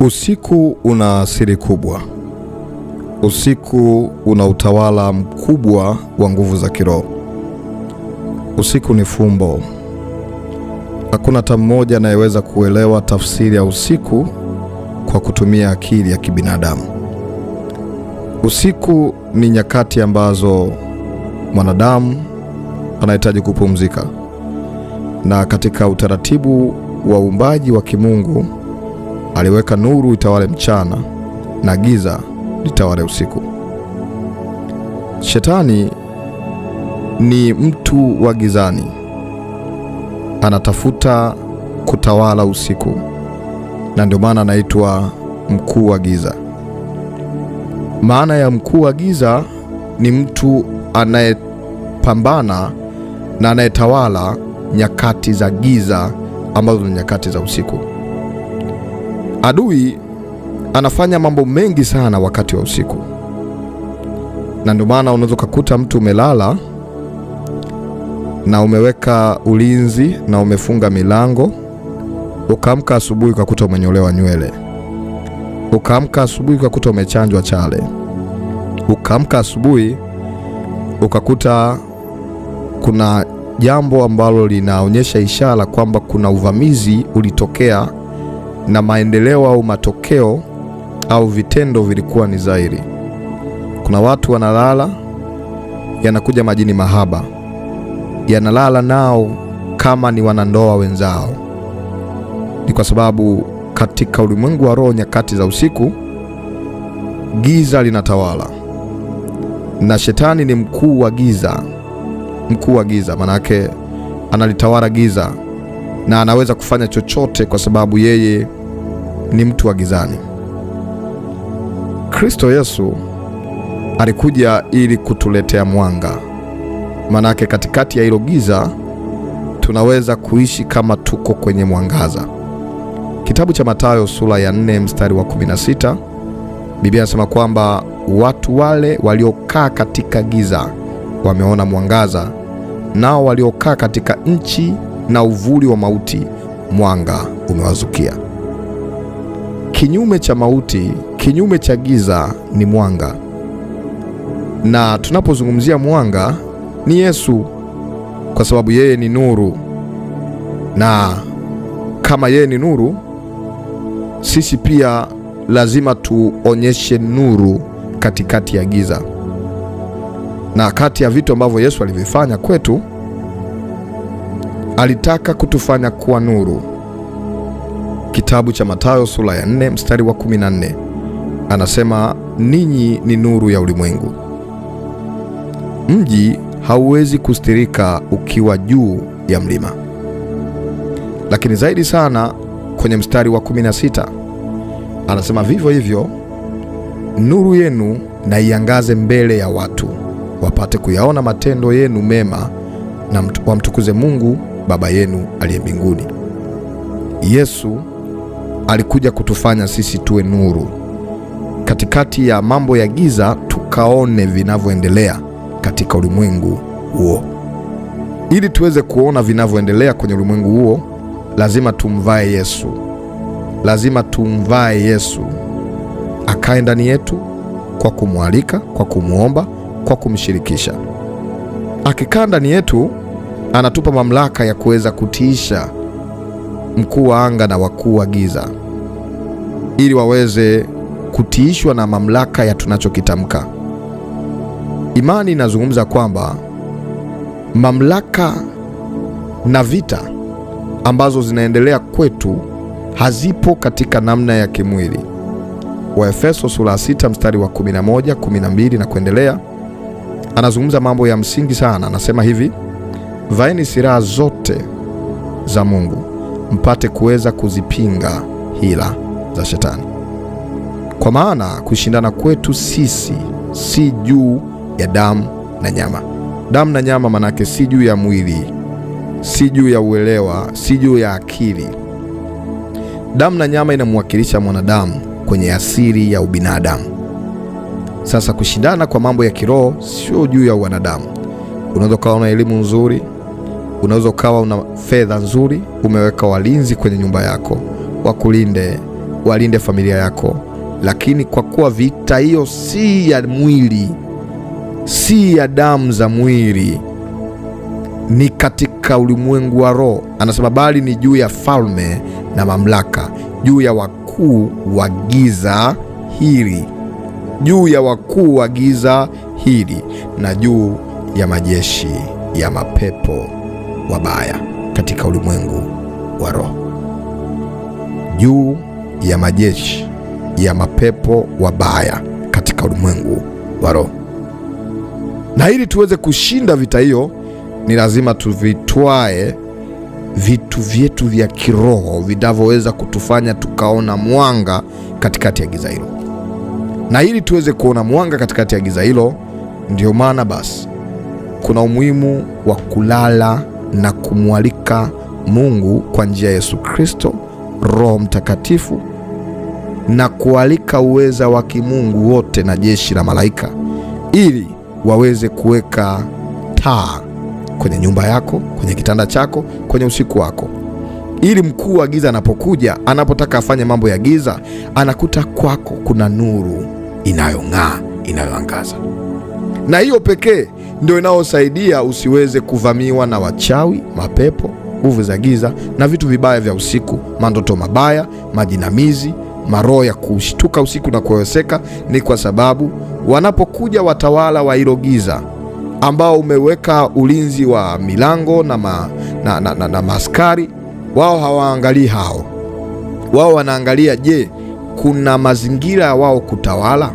Usiku una siri kubwa. Usiku una utawala mkubwa wa nguvu za kiroho. Usiku ni fumbo. Hakuna hata mmoja anayeweza kuelewa tafsiri ya usiku kwa kutumia akili ya kibinadamu. Usiku ni nyakati ambazo mwanadamu anahitaji kupumzika, na katika utaratibu wa uumbaji wa kimungu aliweka nuru itawale mchana na giza litawale usiku. Shetani ni mtu wa gizani, anatafuta kutawala usiku, na ndio maana anaitwa mkuu wa giza. Maana ya mkuu wa giza ni mtu anayepambana na anayetawala nyakati za giza ambazo ni nyakati za usiku. Adui anafanya mambo mengi sana wakati wa usiku, na ndio maana unaweza ukakuta mtu umelala na umeweka ulinzi na umefunga milango, ukaamka asubuhi ukakuta umenyolewa nywele, ukaamka asubuhi ukakuta umechanjwa chale, ukaamka asubuhi ukakuta kuna jambo ambalo linaonyesha ishara kwamba kuna uvamizi ulitokea na maendeleo au matokeo au vitendo vilikuwa ni dhahiri. Kuna watu wanalala, yanakuja majini mahaba, yanalala nao kama ni wanandoa wenzao. Ni kwa sababu katika ulimwengu wa roho, nyakati za usiku, giza linatawala na shetani ni mkuu wa giza. Mkuu wa giza manake analitawala giza na anaweza kufanya chochote, kwa sababu yeye ni mtu wa gizani. Kristo Yesu alikuja ili kutuletea mwanga. Manake katikati ya hilo giza tunaweza kuishi kama tuko kwenye mwangaza. Kitabu cha Mathayo sura ya 4 mstari wa 16, Biblia inasema kwamba watu wale waliokaa katika giza wameona mwangaza, nao waliokaa katika nchi na uvuli wa mauti mwanga umewazukia. Kinyume cha mauti, kinyume cha giza ni mwanga, na tunapozungumzia mwanga ni Yesu, kwa sababu yeye ni nuru, na kama yeye ni nuru, sisi pia lazima tuonyeshe nuru katikati ya giza. Na kati ya vitu ambavyo Yesu alivifanya kwetu, alitaka kutufanya kuwa nuru kitabu cha Mathayo sura ya 4 mstari wa 14, anasema ninyi ni nuru ya ulimwengu. Mji hauwezi kustirika ukiwa juu ya mlima. Lakini zaidi sana kwenye mstari wa 16 anasema vivyo hivyo nuru yenu na iangaze mbele ya watu wapate kuyaona matendo yenu mema na wamtukuze Mungu Baba yenu aliye mbinguni. Yesu alikuja kutufanya sisi tuwe nuru katikati ya mambo ya giza, tukaone vinavyoendelea katika ulimwengu huo. Ili tuweze kuona vinavyoendelea kwenye ulimwengu huo, lazima tumvae Yesu, lazima tumvae Yesu akae ndani yetu, kwa kumwalika, kwa kumwomba, kwa kumshirikisha. Akikaa ndani yetu, anatupa mamlaka ya kuweza kutiisha mkuu wa anga na wakuu wa giza, ili waweze kutiishwa na mamlaka ya tunachokitamka. Imani inazungumza kwamba mamlaka na vita ambazo zinaendelea kwetu hazipo katika namna ya kimwili. Waefeso sura 6 mstari wa 11, 12 na kuendelea, anazungumza mambo ya msingi sana. Anasema hivi: vaeni silaha zote za Mungu mpate kuweza kuzipinga hila za Shetani, kwa maana kushindana kwetu sisi si juu ya damu na nyama. Damu na nyama manake si juu ya mwili, si juu ya uelewa, si juu ya akili. Damu na nyama inamwakilisha mwanadamu kwenye asili ya ubinadamu. Sasa kushindana kwa mambo ya kiroho sio juu ya wanadamu. Unaweza ukawa na elimu nzuri Unaweza ukawa una fedha nzuri, umeweka walinzi kwenye nyumba yako, wakulinde, walinde familia yako, lakini kwa kuwa vita hiyo si ya mwili, si ya damu za mwili, ni katika ulimwengu wa roho. Anasema bali ni juu ya falme na mamlaka, juu ya wakuu wa giza hili, juu ya wakuu wa giza hili, na juu ya majeshi ya mapepo wabaya katika ulimwengu wa roho, juu ya majeshi ya mapepo wabaya katika ulimwengu wa roho. Na ili tuweze kushinda vita hiyo, ni lazima tuvitwae vitu vyetu vya kiroho vinavyoweza kutufanya tukaona mwanga katikati ya giza hilo. Na ili tuweze kuona mwanga katikati ya giza hilo, ndio maana basi kuna umuhimu wa kulala na kumwalika Mungu kwa njia ya Yesu Kristo, Roho Mtakatifu na kualika uweza wa kimungu wote na jeshi la malaika ili waweze kuweka taa kwenye nyumba yako, kwenye kitanda chako, kwenye usiku wako, ili mkuu wa giza anapokuja, anapotaka afanye mambo ya giza, anakuta kwako kuna nuru inayong'aa inayoangaza. Na hiyo pekee ndio inaosaidia usiweze kuvamiwa na wachawi, mapepo, nguvu za giza na vitu vibaya vya usiku, mandoto mabaya, majinamizi, maroho ya kushtuka usiku na kuweweseka. Ni kwa sababu wanapokuja watawala wa hilo giza ambao umeweka ulinzi wa milango na, ma, na, na, na, na maskari, wao, hawaangalii hao, wao wanaangalia, je, kuna mazingira ya wao kutawala,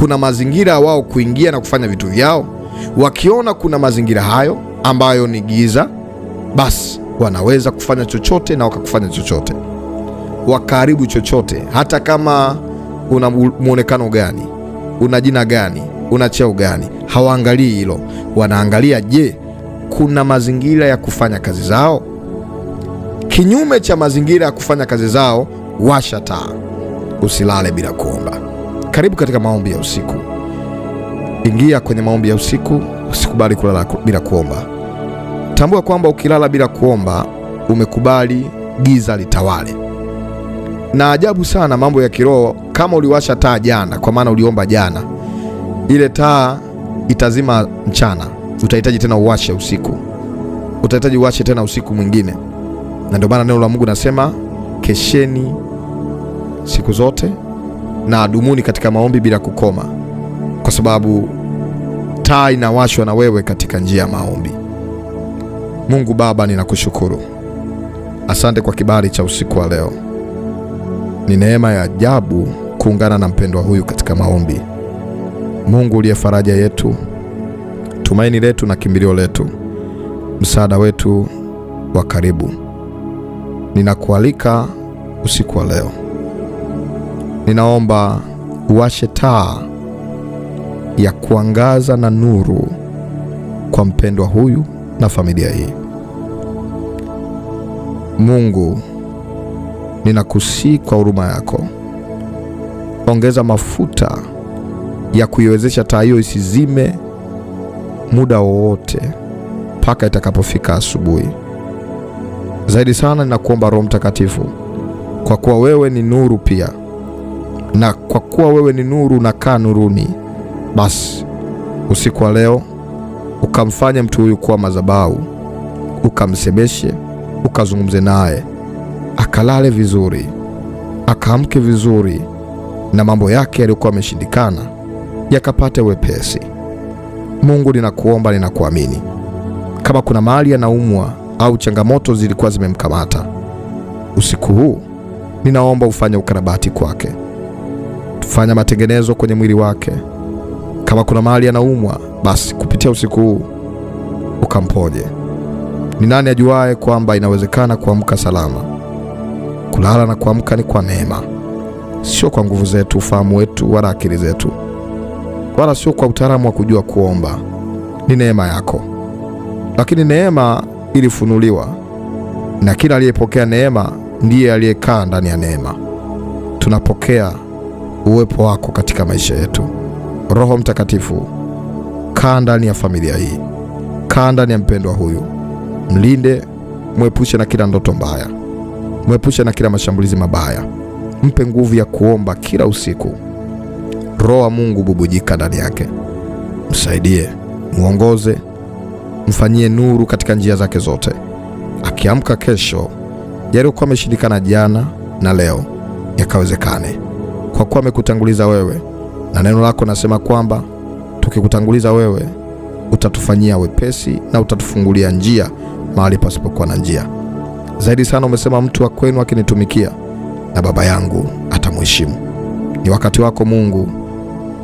kuna mazingira ya wao kuingia na kufanya vitu vyao Wakiona kuna mazingira hayo ambayo ni giza, basi wanaweza kufanya chochote na wakakufanya chochote, wakaharibu chochote, hata kama una mwonekano gani, una jina gani, una cheo gani. Hawaangalii hilo, wanaangalia je, kuna mazingira ya kufanya kazi zao. Kinyume cha mazingira ya kufanya kazi zao, washa taa. Usilale bila kuomba. Karibu katika maombi ya usiku. Ingia kwenye maombi ya usiku, usikubali kulala bila kuomba. Tambua kwamba ukilala bila kuomba umekubali giza litawale. Na ajabu sana mambo ya kiroho, kama uliwasha taa jana, kwa maana uliomba jana, ile taa itazima mchana, utahitaji tena uwashe usiku, utahitaji uwashe tena usiku mwingine. Na ndio maana neno la Mungu nasema kesheni siku zote na adumuni katika maombi bila kukoma kwa sababu taa inawashwa na wewe katika njia ya maombi. Mungu Baba, ninakushukuru, asante kwa kibali cha usiku wa leo. Ni neema ya ajabu kuungana na mpendwa huyu katika maombi. Mungu uliye faraja yetu, tumaini letu na kimbilio letu, msaada wetu wa karibu, ninakualika usiku wa leo, ninaomba uwashe taa ya kuangaza na nuru kwa mpendwa huyu na familia hii. Mungu, ninakusii kwa huruma yako, ongeza mafuta ya kuiwezesha taa hiyo isizime muda wowote mpaka itakapofika asubuhi. Zaidi sana ninakuomba Roho Mtakatifu, kwa kuwa wewe ni nuru pia, na kwa kuwa wewe ni nuru unakaa nuruni basi usiku wa leo ukamfanye mtu huyu kuwa madhabahu, ukamsemeshe, ukazungumze naye, akalale vizuri, akaamke vizuri, na mambo yake yaliyokuwa yameshindikana yakapate wepesi. Mungu, ninakuomba, ninakuamini, kama kuna mahali yanaumwa au changamoto zilikuwa zimemkamata usiku huu, ninaomba ufanye ukarabati kwake, fanya matengenezo kwenye mwili wake kama kuna mahali anaumwa, basi kupitia usiku huu ukamponye. Ni nani ajuaye kwamba inawezekana kuamka salama? Kulala na kuamka ni kwa neema, sio kwa nguvu zetu, ufahamu wetu, wala akili zetu, wala sio kwa utaalamu wa kujua kuomba. Ni neema yako, lakini neema ilifunuliwa, na kila aliyepokea neema ndiye aliyekaa ndani ya neema. Tunapokea uwepo wako katika maisha yetu. Roho Mtakatifu, kaa ndani ya familia hii, kaa ndani ya mpendwa huyu, mlinde, mwepushe na kila ndoto mbaya, mwepushe na kila mashambulizi mabaya, mpe nguvu ya kuomba kila usiku. Roho wa Mungu bubujika ndani yake, msaidie, mwongoze, mfanyie nuru katika njia zake zote. Akiamka kesho, yaliyokuwa ameshindikana jana na leo yakawezekane, kwa kuwa amekutanguliza wewe na neno lako nasema kwamba tukikutanguliza wewe utatufanyia wepesi na utatufungulia njia mahali pasipokuwa na njia. Zaidi sana umesema mtu wa kwenu akinitumikia na Baba yangu atamheshimu. Ni wakati wako Mungu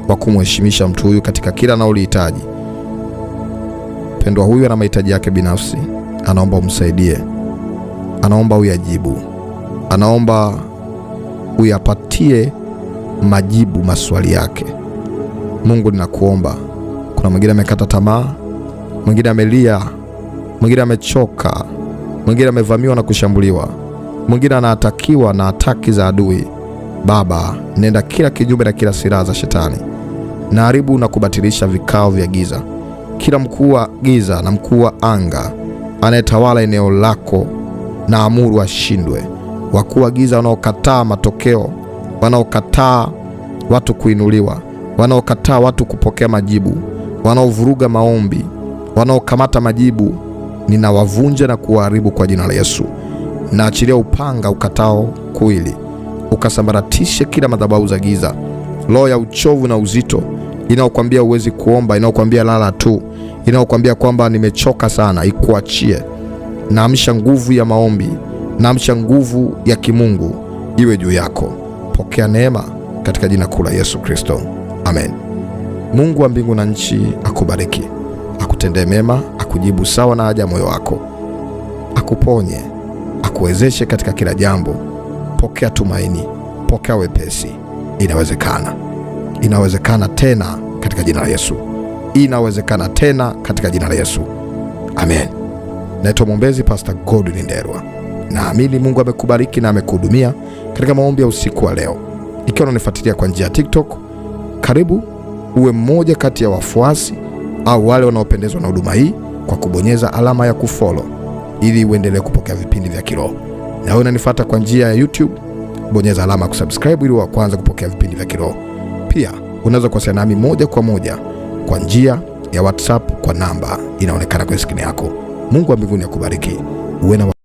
wa kumheshimisha mtu huyu katika kila anaolihitaji. pendwa huyu ana mahitaji yake binafsi, anaomba umsaidie, anaomba uyajibu, anaomba uyapatie majibu maswali yake. Mungu, ninakuomba, kuna mwingine amekata tamaa, mwingine amelia, mwingine amechoka, mwingine amevamiwa na kushambuliwa, mwingine anatakiwa na hataki za adui. Baba, nenda kila kinyume na kila silaha za shetani, na haribu na kubatilisha vikao vya giza, kila mkuu wa giza na mkuu wa anga anayetawala eneo lako na amuru ashindwe. Wakuu wa giza wanaokataa matokeo wanaokataa watu kuinuliwa, wanaokataa watu kupokea majibu, wanaovuruga maombi, wanaokamata majibu, ninawavunja na kuwaharibu kwa jina la Yesu. Naachilia upanga ukatao kuwili, ukasambaratishe kila madhabahu za giza, roho ya uchovu na uzito inayokwambia huwezi kuomba, inayokwambia lala tu, inayokwambia kwamba nimechoka sana, ikuachie. Naamsha nguvu ya maombi, naamsha nguvu ya kimungu iwe juu yako. Pokea neema katika jina kuu la Yesu Kristo, amen. Mungu wa mbingu na nchi akubariki, akutendee mema, akujibu sawa na haja moyo wako, akuponye, akuwezeshe katika kila jambo. Pokea tumaini, pokea wepesi. Inawezekana, inawezekana tena katika jina la Yesu, inawezekana tena katika jina la Yesu, amen. Naitwa mwombezi Pastor Godwin Ndelwa. Naamini Mungu amekubariki na amekuhudumia katika maombi ya usiku wa leo. Ikiwa unanifuatilia kwa njia ya TikTok, karibu uwe mmoja kati ya wafuasi au wale wanaopendezwa na huduma hii kwa kubonyeza alama ya kufollow ili uendelee kupokea vipindi vya kiroho. Na wewe unanifuata kwa njia ya YouTube, bonyeza alama ya kusubscribe ili wa kwanza kupokea vipindi vya kiroho. Pia unaweza kuwasiliana nami moja kwa moja kwa njia ya WhatsApp kwa namba inaonekana kwenye skrini yako. Mungu wa mbinguni akubariki. Uwe na